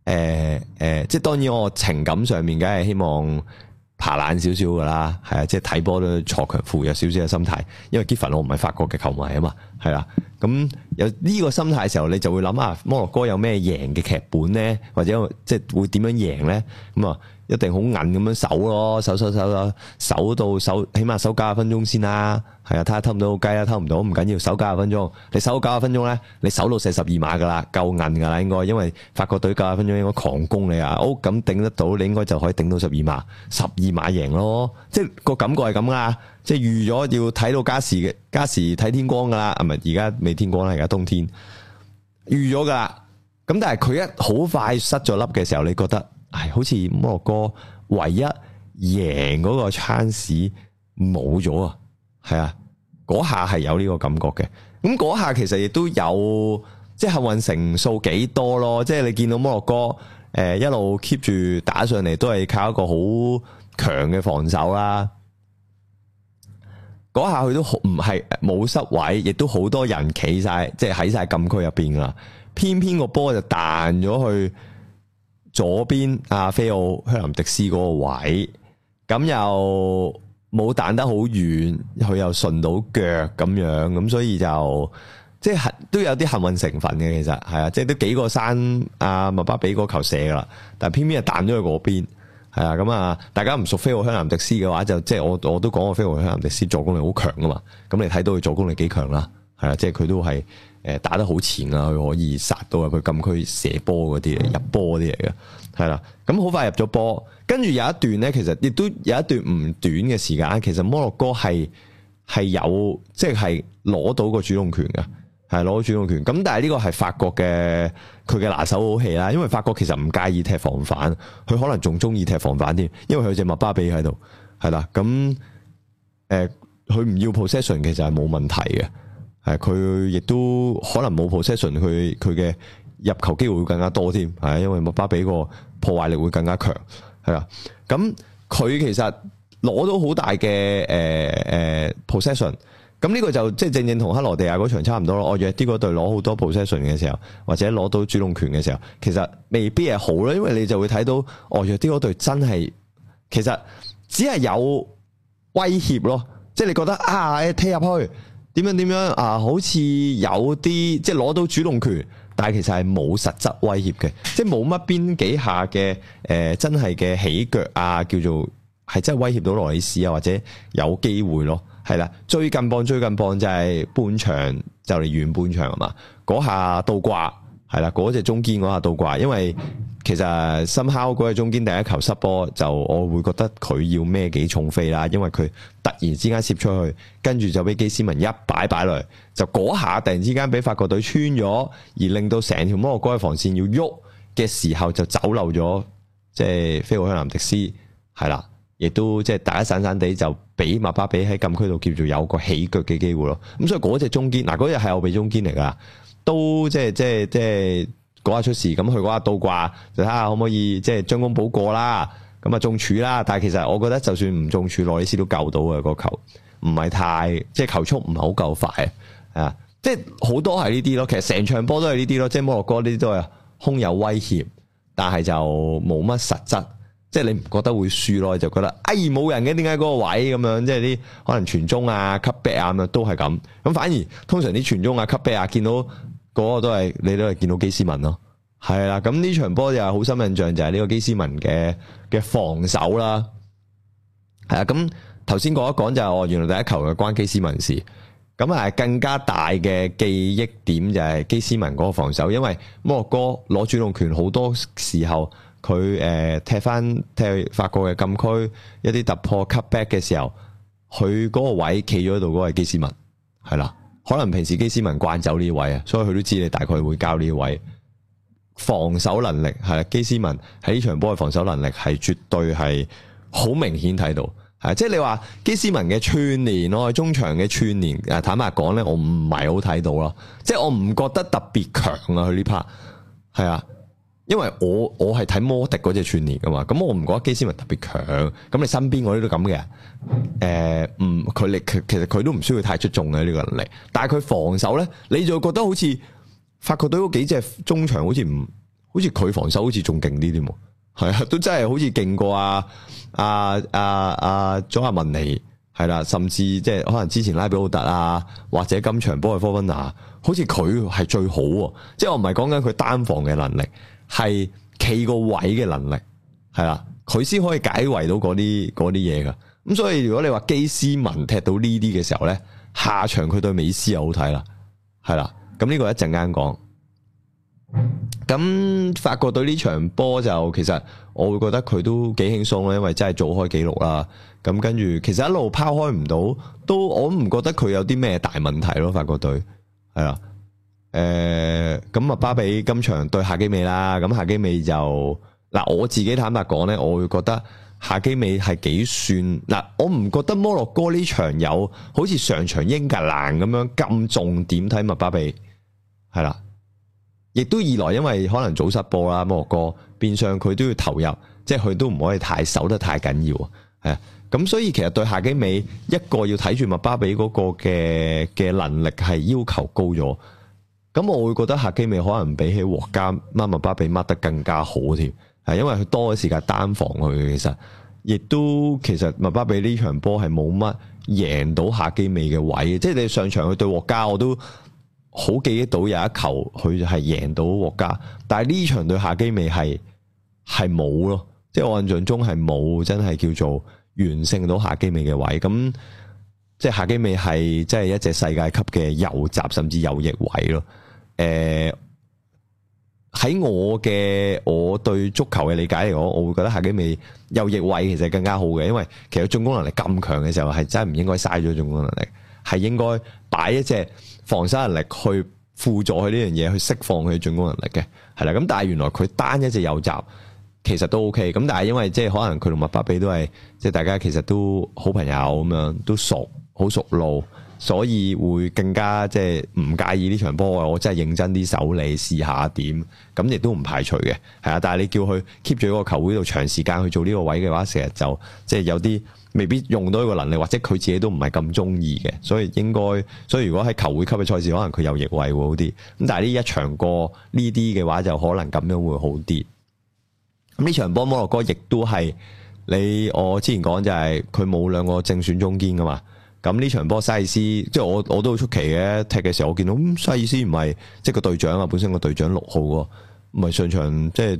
Speaker 1: 呃、誒、呃，即係當然我情感上面梗係希望爬懶少少噶啦，係啊，即係睇波都鋤強扶弱少少嘅心態，因為 given 我唔係法國嘅球迷啊嘛，係啦，咁有呢個心態嘅時候，你就會諗下摩洛哥有咩贏嘅劇本咧，或者即係會點樣贏咧咁啊？一定好韌咁樣守咯，守守守守，守到守起碼守九十分鐘先啦。係啊，睇下偷唔到雞啊，偷唔到唔緊要，守九十分鐘。你守九十分鐘咧，你守到射十二碼噶啦，夠韌噶啦，應該，因為法國隊九十分鐘應該狂攻你啊。哦，咁頂得到，你應該就可以頂到十二碼，十二碼贏咯。即係個感覺係咁噶，即係預咗要睇到加時嘅，加時睇天光噶啦。係咪？而家未天光啦，而家冬天預咗噶。咁但係佢一好快失咗粒嘅時候，你覺得？係，好似摩洛哥唯一贏嗰個 chance 冇咗啊！係啊，嗰下係有呢個感覺嘅。咁嗰下其實亦都有，即係幸運成數幾多咯。即係你見到摩洛哥誒、呃、一路 keep 住打上嚟，都係靠一個好強嘅防守啦、啊。嗰下佢都唔係冇失位，亦都好多人企晒，即係喺晒禁區入邊啦。偏偏個波就彈咗去。左邊阿、啊、菲奧香蘭迪斯嗰個位，咁、嗯、又冇彈得好遠，佢又順到腳咁樣，咁、嗯、所以就即係都有啲幸運成分嘅，其實係啊，即係都幾個山阿、啊、麥巴比嗰球射噶啦，但偏偏係彈咗去嗰邊，係啊，咁、嗯、啊，大家唔熟菲奧香蘭迪斯嘅話，就即係我我都講過菲奧香蘭迪斯助攻力好強噶嘛，咁你睇到佢助攻力幾強啦，係啊，即係佢都係。誒打得好前啊，佢可以殺到啊，佢禁區射波嗰啲嚟，入波啲嚟嘅，係啦。咁好快入咗波，跟住有一段呢，其實亦都有一段唔短嘅時間。其實摩洛哥係係有即係攞到個主動權嘅，係攞主動權。咁但係呢個係法國嘅佢嘅拿手好戲啦。因為法國其實唔介意踢防反，佢可能仲中意踢防反添，因為佢隻麥巴比喺度，係啦。咁誒，佢、呃、唔要 possession 其實係冇問題嘅。係佢亦都可能冇 possession，佢佢嘅入球機會會更加多添，係因為姆巴比個破壞力會更加強，係啦。咁佢其實攞到好大嘅誒誒 possession，咁呢個就即係正正同克羅地亞嗰場差唔多咯。外弱啲嗰隊攞好多 possession 嘅時候，或者攞到主龍權嘅時候，其實未必係好啦，因為你就會睇到我弱啲嗰隊真係其實只係有威脅咯，即係你覺得啊，你踢入去。點樣點樣啊？好似有啲即係攞到主動權，但係其實係冇實質威脅嘅，即係冇乜邊幾下嘅誒、呃，真係嘅起腳啊，叫做係真係威脅到羅里斯啊，或者有機會咯，係啦。最近磅最近磅就係半場就嚟完半場啊嘛，嗰下倒掛。係啦，嗰隻、那個、中堅嗰下倒掛，因為其實深烤嗰隻中堅第一球失波，就我會覺得佢要咩幾重飛啦，因為佢突然之間攝出去，跟住就俾基斯文一擺擺落去，就嗰下突然之間俾法國隊穿咗，而令到成條摩洛哥嘅防線要喐嘅時候，就走漏咗，即係菲奧克南迪斯，係啦，亦都即係大家散散地就俾麥巴比喺禁區度叫做有個起腳嘅機會咯，咁所以嗰隻中堅，嗱嗰隻係我哋中堅嚟噶。都即係即係即係嗰下出事，咁佢嗰下倒掛，就睇下可唔可以即係將功補過啦。咁啊中柱啦，但係其實我覺得就算唔中柱，內斯都救到嘅個球，唔係太即係球速唔係好夠快啊。即係好多係呢啲咯，其實成場波都係呢啲咯，即係摩洛哥呢啲都係空有威脅，但係就冇乜實質。即係你唔覺得會輸咯，你就覺得哎冇人嘅，點解嗰個位咁樣？即係啲可能傳中啊、吸背啊咁、啊、樣都係咁。咁反而通常啲傳中啊、吸背啊，見到。嗰個都係你都係見到基斯文咯、啊，係啦，咁呢場波又係好深印象，就係呢個基斯文嘅嘅防守啦，係啊，咁頭先講一講就係、是、我、哦、原來第一球嘅關基斯文事，咁啊更加大嘅記憶點就係基斯文嗰個防守，因為摩洛哥攞主動權好多時候，佢誒、呃、踢翻踢法國嘅禁區一啲突破 cut back 嘅時候，佢嗰個位企咗喺度嗰個係基斯文，係啦。可能平時基斯文慣走呢位啊，所以佢都知你大概會教呢位防守能力係啊，基斯文喺呢場波嘅防守能力係絕對係好明顯睇到，係即係你話基斯文嘅串連咯，中場嘅串連，誒坦白講呢，我唔係好睇到咯，即係我唔覺得特別強啊，佢呢 part 係啊。因為我我係睇摩迪嗰隻串連噶嘛，咁我唔覺得基斯文特別強。咁你身邊嗰啲都咁嘅，誒、呃，唔、嗯、佢力，其實佢都唔需要太出眾嘅呢個能力。但係佢防守咧，你就覺得好似法國隊嗰幾隻中場好似唔，好似佢防守好似仲勁啲添。係啊，都真係好似勁過啊。啊，啊，啊，佐、啊、亞文尼係啦，甚至即係可能之前拉比奧特啊，或者今場波埃科溫納，好似佢係最好、啊。即係我唔係講緊佢單防嘅能力。係企個位嘅能力係啦，佢先可以解圍到嗰啲嗰啲嘢噶。咁所以如果你話基斯文踢到呢啲嘅時候呢，下場佢對美斯又好睇啦，係啦。咁呢個一陣間講。咁法國隊呢場波就其實我會覺得佢都幾輕鬆咯，因為真係做開紀錄啦。咁跟住其實一路拋開唔到，都我唔覺得佢有啲咩大問題咯。法國隊係啦。誒，咁啊、呃，麥巴比今場對夏基美啦，咁夏基美就嗱，我自己坦白講呢，我會覺得夏基美係幾算嗱，我唔覺得摩洛哥呢場有好似上場英格蘭咁樣咁重點睇麥巴比係啦，亦都二來因為可能早失波啦，摩洛哥變相佢都要投入，即係佢都唔可以太守得太緊要啊。咁所以其實對夏基美一個要睇住麥巴比嗰個嘅嘅能力係要求高咗。咁我會覺得夏基美可能比起獲加孖麥巴比孖得更加好添，係因為佢多嘅時間單防佢其實，亦都其實麥巴比呢場波係冇乜贏到夏基美嘅位，即係你上場去對獲加，我都好記得到有一球佢係贏到獲加。但係呢場對夏基美係係冇咯，即係我印象中係冇真係叫做完勝到夏基美嘅位，咁即係夏基美係即係一隻世界級嘅右閘甚至右翼位咯。誒，喺我嘅，我對足球嘅理解嚟講，我會覺得夏基米右翼位其實更加好嘅，因為其實進攻能力咁強嘅時候係真係唔應該嘥咗進攻能力，係應該擺一隻防守能力去輔助佢呢樣嘢，去釋放佢進攻能力嘅，係啦。咁但係原來佢單一隻右閘其實都 OK，咁但係因為即係可能佢同麥巴比都係即係大家其實都好朋友咁樣，都熟好熟路。所以會更加即係唔介意呢場波，我真係認真啲手你，試下點咁亦都唔排除嘅，係啊！但係你叫佢 keep 住個球會度長時間去做呢個位嘅話，成日就即係有啲未必用到呢個能力，或者佢自己都唔係咁中意嘅，所以應該，所以如果喺球會級嘅賽事，可能佢有逆位會好啲。咁但係呢一場過呢啲嘅話，就可能咁樣會好啲。咁呢場波摩洛哥亦都係你我之前講就係佢冇兩個正選中堅噶嘛。咁呢場波西斯，即係我我都好出奇嘅，踢嘅時候，我見到咁西斯唔係即係個隊長啊，本身個隊長六號喎，唔係上場即係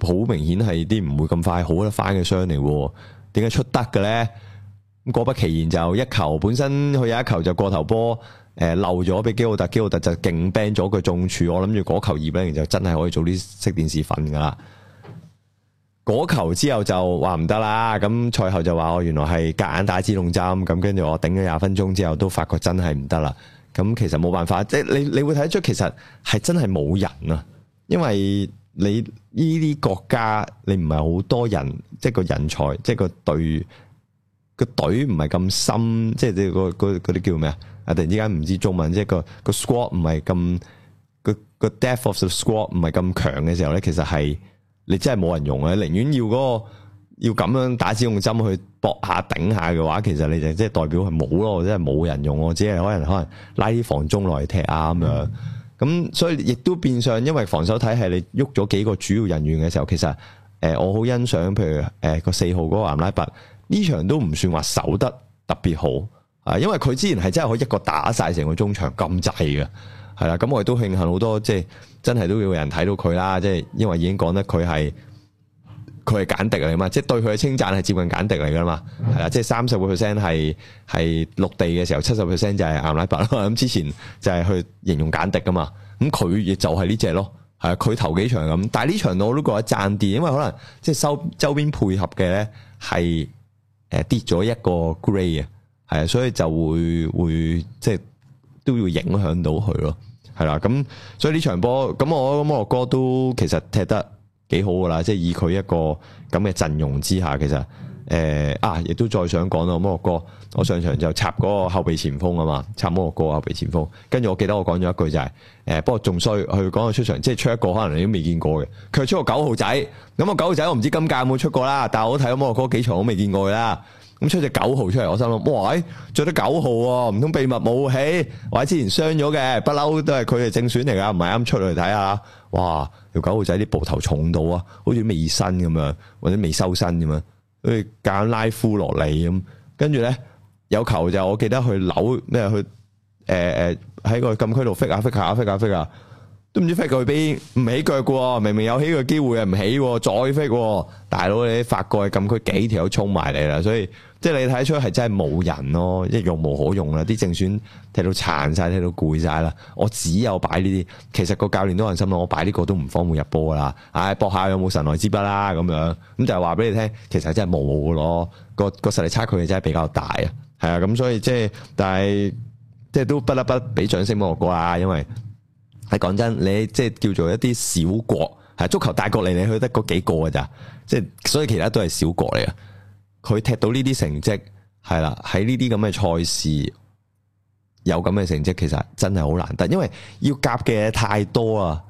Speaker 1: 好明顯係啲唔會咁快好得返嘅傷嚟，點解出得嘅咧？果不其然就一球，本身佢有一球就過頭波，誒、呃、漏咗俾基奧特，基奧特就勁 ban 咗佢中柱。我諗住嗰球二比零就真係可以早啲熄電視瞓噶啦。火球之後就話唔得啦，咁賽後就話我原來係隔硬、硬打自動針，咁跟住我頂咗廿分鐘之後都發覺真係唔得啦。咁其實冇辦法，即係你你會睇得出其實係真係冇人啊，因為你呢啲國家你唔係好多人，即係個人才，即係個隊個隊唔係咁深，即係啲嗰啲叫咩啊？啊，突然之間唔知中文，即係、嗰個個 squ squad 唔係咁個個 depth of the squad 唔係咁強嘅時候呢，其實係。你真係冇人用啊！寧願要嗰、那個要咁樣打止痛針去搏下頂下嘅話，其實你就即係代表係冇咯，即係冇人用哦，只係可能可能拉啲防中落嚟踢啊咁樣。咁、嗯、所以亦都變相，因為防守體系你喐咗幾個主要人員嘅時候，其實誒、呃，我好欣賞，譬如誒、呃、個四號嗰個阿拉伯呢場都唔算話守得特別好啊，因為佢之前係真係可以一個打晒成個中場咁滯嘅，係啦。咁我亦都慶幸好多即係。真係都要有人睇到佢啦，即係因為已經講得佢係佢係簡敵嚟嘛，即係對佢嘅稱讚係接近簡敵嚟噶嘛，係啦，即係三十個 percent 係係落地嘅時候，七十 percent 就係阿拉伯啦，咁之前就係去形容簡敵噶嘛，咁佢亦就係呢隻咯，係佢頭幾場咁，但係呢場我都覺得讚啲，因為可能即係周周邊配合嘅咧係誒跌咗一個 grade 啊，係啊，所以就會會即係都要影響到佢咯。係啦，咁所以呢場波，咁我個摩洛哥都其實踢得幾好噶啦，即係以佢一個咁嘅陣容之下，其實誒、呃、啊，亦都再想講到摩洛哥，我上場就插嗰個後備前鋒啊嘛，插摩洛哥啊後備前鋒，跟住我記得我講咗一句就係、是，誒、呃，不過仲衰，佢講佢出場，即係出一個可能你都未見過嘅，佢出個九號仔，咁個九號仔我唔知今屆有冇出過啦，但係我睇摩洛哥幾場我未見過佢啦。咁出隻九號出嚟，我心諗哇，着得九號喎，唔通秘密武器？或者之前傷咗嘅，不嬲都係佢係正選嚟噶，唔係啱出嚟睇下。哇，條九號仔啲膊頭重到啊，好似未伸咁樣，或者未收身咁樣，好似揀拉夫落嚟咁。跟住咧有球就我記得去扭咩去誒誒，喺個禁區度飛下飛下飛下飛下，都唔知飛到去邊，唔起腳嘅，明明有起嘅機會啊，唔起再飛，大佬你法蓋禁區幾條都衝埋嚟啦，所以。即係你睇出係真係冇人咯，一用無可用啦，啲正選踢到殘晒，踢到攰晒啦。我只有擺呢啲，其實個教練都係心諗，我擺呢個都唔方便入波啦。唉，搏下有冇神來之筆啦咁樣，咁就係話俾你聽，其實真係冇咯。個個實力差距真係比較大啊，係啊，咁所以即係，但係即係都不得不俾掌聲我啩，因為係講真，你即係叫做一啲小國，係足球大國嚟你去得嗰幾個噶咋，即係所以其他都係小國嚟啊。佢踢到呢啲成績係啦，喺呢啲咁嘅賽事有咁嘅成績，其實真係好難得，因為要夾嘅太多啊！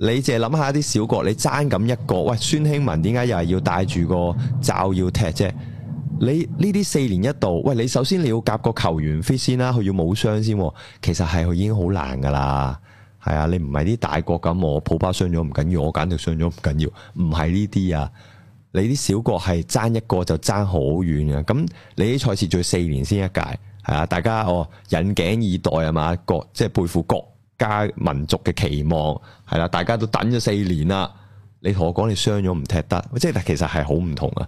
Speaker 1: 你淨係諗下啲小國，你爭咁一個，喂，孫興慜點解又係要帶住個罩要踢啫？你呢啲四年一度，喂，你首先你要夾個球員 fit 先啦，佢要冇傷先啊，其實係佢已經好難噶啦。係啊，你唔係啲大國咁，我普巴傷咗唔緊要，我簡直傷咗唔緊要，唔係呢啲啊。你啲小國係爭一個就爭好遠啊！咁你啲賽事要四年先一屆，係啊！大家哦引頸以待啊嘛，國即係背負國家民族嘅期望，係啦！大家都等咗四年啦，你同我講你傷咗唔踢得，即係其實係好唔同啊！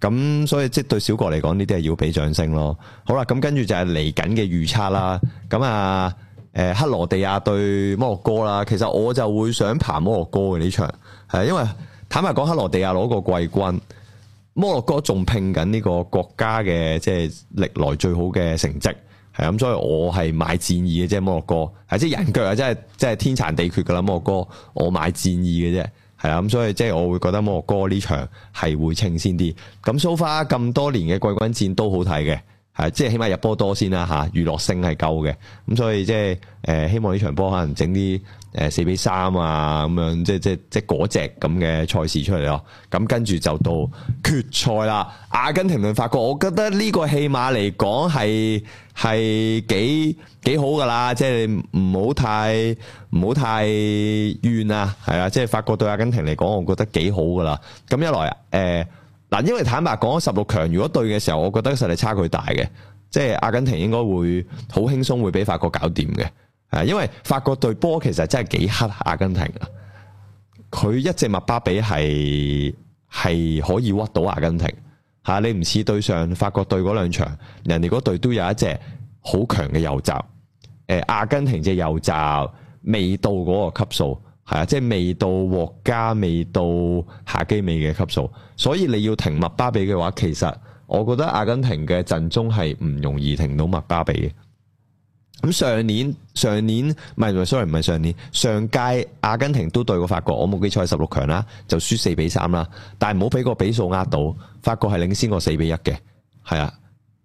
Speaker 1: 咁所以即係對小國嚟講，呢啲係要俾掌聲咯。好啦，咁跟住就係嚟緊嘅預測啦。咁啊，誒、呃，克羅地亞對摩洛哥啦，其實我就會想爬摩洛哥嘅呢場，係因為。坦白講，克羅地亞攞個季軍，摩洛哥仲拼緊呢個國家嘅即係歷來最好嘅成績，係咁。所以我係買戰意嘅，即係摩洛哥，係即係人腳啊，即係即係天殘地缺噶啦摩洛哥，我買戰意嘅啫，係啦咁。所以即係我會覺得摩洛哥呢場係會清先啲。咁蘇花咁多年嘅季軍戰都好睇嘅，係即係起碼入波多先啦吓，娛樂性係夠嘅。咁所以即係誒，希望呢場波可能整啲。誒，四比三啊，咁樣即係即係即係嗰隻咁嘅賽事出嚟咯。咁跟住就到決賽啦。阿根廷同法國，我覺得呢個戲碼嚟講係係幾幾好噶啦。即係你唔好太唔好太怨啊。係啊，即係法國對阿根廷嚟講，我覺得幾好噶啦。咁一來誒，嗱，呃，因為坦白講，十六強如果對嘅時候，我覺得實力差距大嘅，即係阿根廷應該會好輕鬆會俾法國搞掂嘅。因為法國對波其實真係幾黑，阿根廷佢一隻麥巴比係係可以屈到阿根廷吓、啊，你唔似對上法國隊嗰兩場，人哋嗰隊都有一隻好強嘅右閘、呃。阿根廷隻右閘未到嗰個級數，係啊，即係未到獲加，未到夏基美嘅級數。所以你要停麥巴比嘅話，其實我覺得阿根廷嘅陣中係唔容易停到麥巴比嘅。咁上年上年唔係 sorry 唔係上年上屆阿根廷都對過法國，我冇記錯係十六強啦，就輸四比三啦。但係唔好俾個比數呃到，法國係領先過四比一嘅，係啊。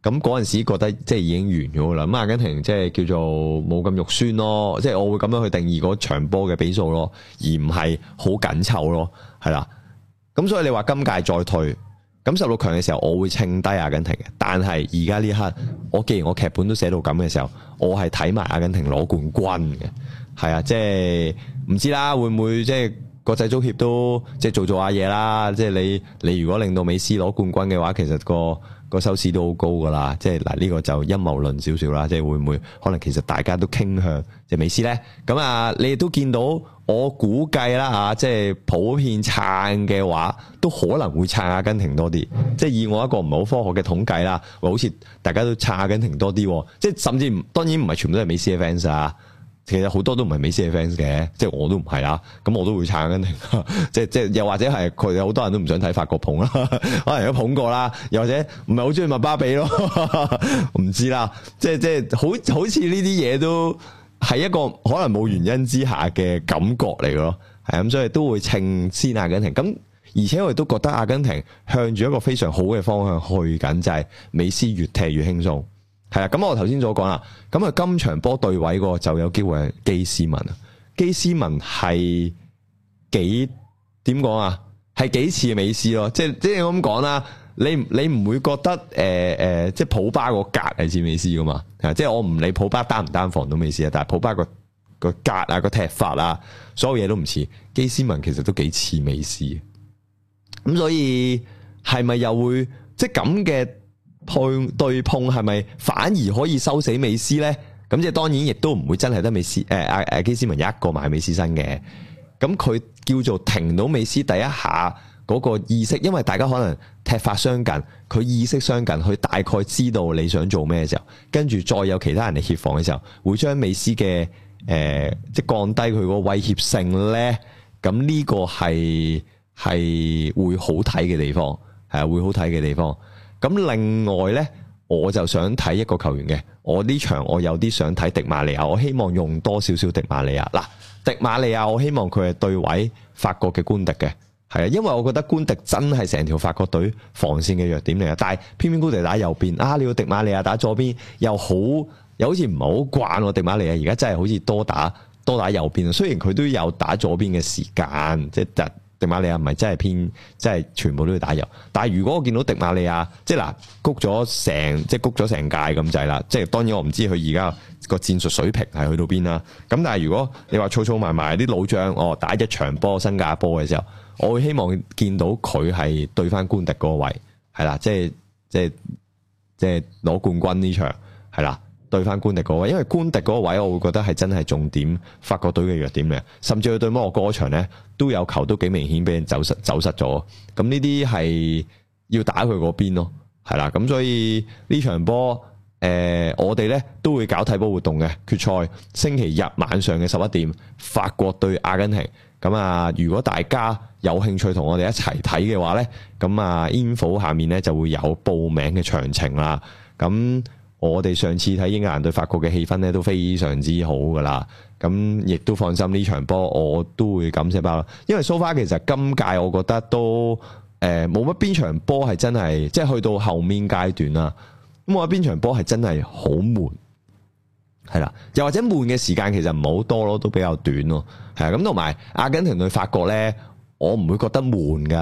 Speaker 1: 咁嗰陣時覺得即係已經完咗啦。咁阿根廷即係叫做冇咁肉酸咯，即係我會咁樣去定義嗰場波嘅比數咯，而唔係好緊湊咯，係啦。咁所以你話今屆再退，咁十六強嘅時候我會稱低阿根廷嘅，但係而家呢刻我既然我劇本都寫到咁嘅時候。我係睇埋阿根廷攞冠軍嘅，係啊，即係唔知啦，會唔會即係國際足協都即係做做下嘢啦？即係你你如果令到美斯攞冠軍嘅話，其實個個收視都好高噶啦，即係嗱呢個就陰謀論少少啦，即係會唔會可能其實大家都傾向即係美斯呢。咁啊，你亦都見到，我估計啦啊，即係普遍撐嘅話，都可能會撐阿根廷多啲。即係以我一個唔係好科學嘅統計啦，好似大家都撐阿根廷多啲，啊，即係甚至當然唔係全部都係美斯 fans 啊。其實好多都唔係美斯嘅 fans 嘅，即係我都唔係啦，咁我都會撐阿根廷。即即係又或者係佢哋好多人都唔想睇法國捧啦，可能有捧過啦，又或者唔係好中意麥巴比咯，唔知啦。即即係好好似呢啲嘢都係一個可能冇原因之下嘅感覺嚟咯。係咁，所以都會撐先阿根廷。咁而且我哋都覺得阿根廷向住一個非常好嘅方向去緊，就係、是、美斯越踢越輕鬆。係啊，咁我頭先所講啦，咁啊今場波對位個就有機會係基斯文啊，基斯文係幾點講啊？係幾似美斯咯？即係即係我咁講啦，你你唔會覺得誒誒、呃呃，即係普巴個格係似美斯噶嘛？即係我唔理普巴單唔單防都美斯啊，但係普巴個個格啊個踢法啊，所有嘢都唔似基斯文，其實都幾似美斯。咁所以係咪又會即係咁嘅？碰對碰係咪反而可以收死美斯呢？咁即係當然，亦都唔會真係得美斯誒，阿、呃、基斯文一個埋美斯身嘅。咁、嗯、佢叫做停到美斯第一下嗰、那個意識，因為大家可能踢法相近，佢意識相近，佢大概知道你想做咩嘅時候，跟住再有其他人嚟協防嘅時候，會將美斯嘅誒、呃、即係降低佢個威脅性呢。咁呢個係係會好睇嘅地方，係會好睇嘅地方。咁另外呢，我就想睇一個球員嘅，我呢場我有啲想睇迪馬利亞，我希望用多少少迪馬利亞。嗱，迪馬利亞我希望佢係對位法國嘅官迪嘅，係啊，因為我覺得官迪真係成條法國隊防線嘅弱點嚟啊。但係偏偏官迪打右邊，啊，你要迪馬利亞打左邊，又好又好似唔係好慣我迪馬利亞，而家真係好似多打多打右邊，雖然佢都有打左邊嘅時間，即迪馬利亞唔係真係偏，真係全部都要打入。但係如果我見到迪馬利亞，即係嗱，谷咗成，即係谷咗成屆咁滯啦。即係當然我唔知佢而家個戰術水平係去到邊啦。咁但係如果你話草草埋埋啲老將，哦，打一場波新加坡嘅時候，我會希望見到佢係對翻官迪嗰位，係啦，即係即係即係攞冠軍呢場，係啦。對翻官迪嗰位，因為官迪嗰位，我會覺得係真係重點。法國隊嘅弱點咧，甚至佢對摩洛哥嗰場咧，都有球都幾明顯俾人走失走失咗。咁呢啲係要打佢嗰邊咯，係啦。咁所以場、呃、呢場波，誒我哋呢都會搞睇波活動嘅決賽，星期日晚上嘅十一點，法國對阿根廷。咁啊，如果大家有興趣同我哋一齊睇嘅話呢，咁啊 info 下面呢就會有報名嘅詳情啦。咁。我哋上次睇英格蘭對法國嘅氣氛咧都非常之好噶啦，咁亦都放心呢場波，我都會敢食包啦。因為 so far 其實今屆我覺得都誒冇乜邊場波係真係，即係去到後面階段啦。咁啊邊場波係真係好悶，係啦，又或者悶嘅時間其實唔好多咯，都比較短咯，係啊。咁同埋阿根廷對法國呢，我唔會覺得悶噶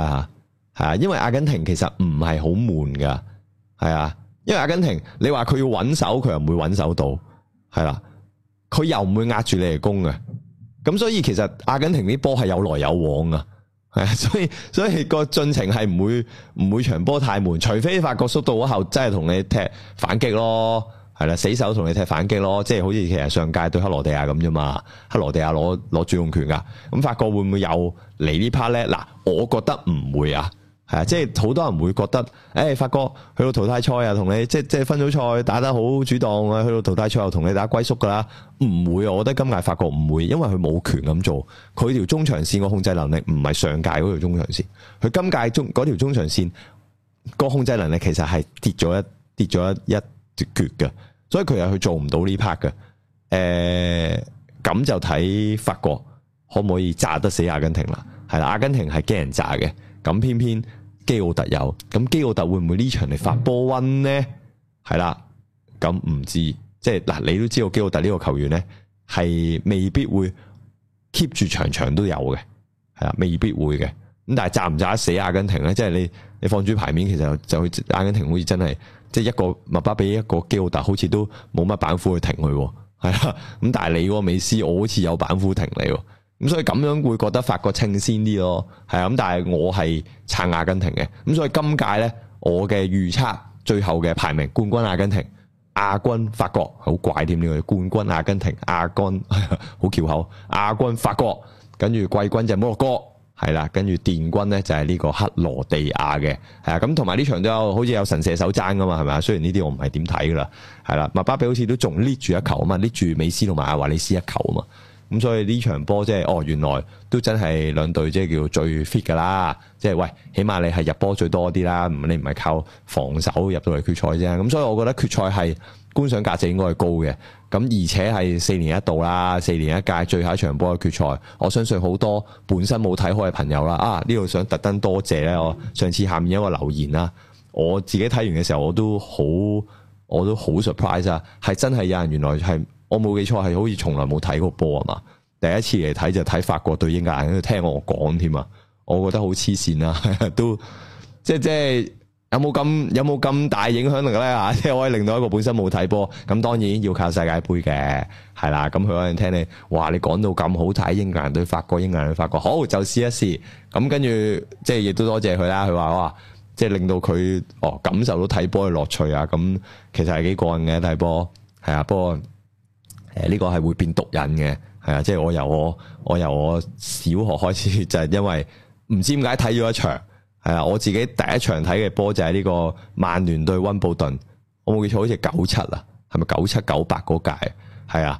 Speaker 1: 吓，係啊，因為阿根廷其實唔係好悶噶，係啊。因為阿根廷，你話佢要穩手，佢又唔會穩手到，係啦，佢又唔會壓住你嚟攻嘅，咁所以其實阿根廷啲波係有來有往噶，係啊，所以所以個進程係唔會唔會場波太悶，除非法國縮到嗰後，真係同你踢反擊咯，係啦，死手同你踢反擊咯，即係好似其實上屆對克羅地亞咁啫嘛，克羅地亞攞攞主動權噶，咁法國會唔會有嚟呢 part 咧？嗱，我覺得唔會啊。係即係好多人會覺得，誒、欸，法國去到淘汰賽啊，同你即係即係分組賽打得好主動啊，去到淘汰賽又同你打龜縮噶啦，唔會，我覺得今屆法國唔會，因為佢冇權咁做，佢條中場線個控制能力唔係上屆嗰條中場線，佢今屆中嗰條中場線個控制能力其實係跌咗一跌咗一跌一橛嘅，所以佢又去做唔到呢 part 嘅，誒、欸，咁就睇法國可唔可以炸得死阿根廷啦，係啦，阿根廷係驚人炸嘅。咁偏偏基奧特有，咁基奧特會唔會呢場嚟發波瘟呢？係啦，咁唔知，即係嗱，你都知道基奧特呢個球員呢，係未必會 keep 住場場都有嘅，係啊，未必會嘅。咁但係炸唔炸得死阿根廷呢？即係你你放住牌面，其實就阿根廷好似真係，即係一個麥巴比一個基奧特，好似都冇乜板斧去停佢，係啊。咁但係你個美斯，我好似有板斧停你。咁所以咁樣會覺得法國稱先啲咯，係啊，咁但係我係撐阿根廷嘅，咁所以今屆呢，我嘅預測最後嘅排名冠軍阿根廷，亞軍法國，好怪添呢個冠軍阿根廷，亞軍 好翹口，亞軍法國，跟住季軍就係摩洛哥，係啦，跟住殿軍呢，就係呢個克羅地亞嘅，係啊，咁同埋呢場都有好似有神射手爭噶嘛，係咪啊？雖然呢啲我唔係點睇噶啦，係啦，麥巴比好似都仲 lift 住一球啊嘛，lift 住美斯同埋阿華利斯一球啊嘛。咁所以呢場波即係哦，原來都真係兩隊即係叫最 fit 㗎啦，即係喂，起碼你係入波最多啲啦，唔你唔係靠防守入到嚟決賽啫。咁所以我覺得決賽係觀賞價值應該係高嘅，咁而且係四年一度啦，四年一屆最後一場波嘅決賽，我相信好多本身冇睇開嘅朋友啦，啊呢度想特登多謝咧，我上次下面有一個留言啦，我自己睇完嘅時候我都好，我都好 surprise 啊，係真係有人原來係。我冇記錯係好似從來冇睇過波啊嘛，第一次嚟睇就睇法國對英格蘭，佢聽我講添啊，我覺得好黐線啊。 都即係即係有冇咁有冇咁大影響力咧啊？即係可以令到一個本身冇睇波，咁當然要靠世界盃嘅係啦。咁佢可能聽你，哇！你講到咁好睇，英格蘭對法國，英格蘭對法國，好就試一試。咁跟住即係亦都多謝佢啦。佢話哇，即係令到佢哦感受到睇波嘅樂趣啊。咁其實係幾過癮嘅睇波係啊，不過。誒，呢個係會變毒癮嘅，係啊，即係我由我我由我小學開始就係、是、因為唔知點解睇咗一場，係啊，我自己第一場睇嘅波就係呢個曼聯對溫布頓，我冇記錯好似九七啊，係咪九七九八嗰屆？係啊，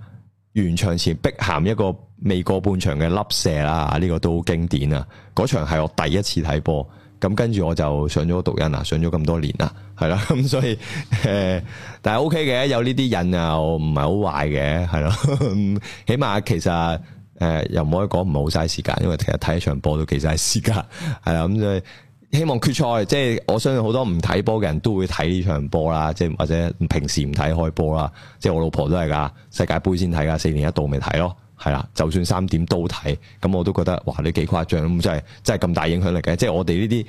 Speaker 1: 完場前碧咸一個未過半場嘅粒射啦，呢、這個都好經典啊！嗰場係我第一次睇波。.咁跟住我就上咗毒癮啊，上咗咁多年啊，係啦，咁、嗯、所以誒、呃，但係 O K 嘅，有呢啲癮又唔係好壞嘅，係咯、嗯，起碼其實誒、呃、又唔可以講唔係好嘥時間，因為其實睇一場波都幾嘥時間，係啦，咁、嗯、所以希望決賽，即、就、係、是、我相信好多唔睇波嘅人都會睇呢場波啦，即係或者平時唔睇開波啦，即係我老婆都係噶，世界杯先睇噶，四年一度咪睇咯。係啦、啊，就算三點都睇，咁我都覺得哇，你幾誇張咁，真係真係咁大影響力嘅。即係我哋呢啲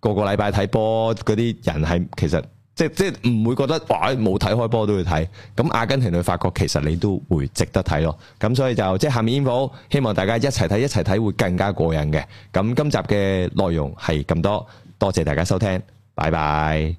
Speaker 1: 個個禮拜睇波嗰啲人，係其實即係即係唔會覺得哇，冇睇開波都要睇。咁阿根廷對法國，其實你都會值得睇咯。咁所以就即係下面煙火，希望大家一齊睇，一齊睇會更加過癮嘅。咁、嗯、今集嘅內容係咁多，多謝大家收聽，拜拜。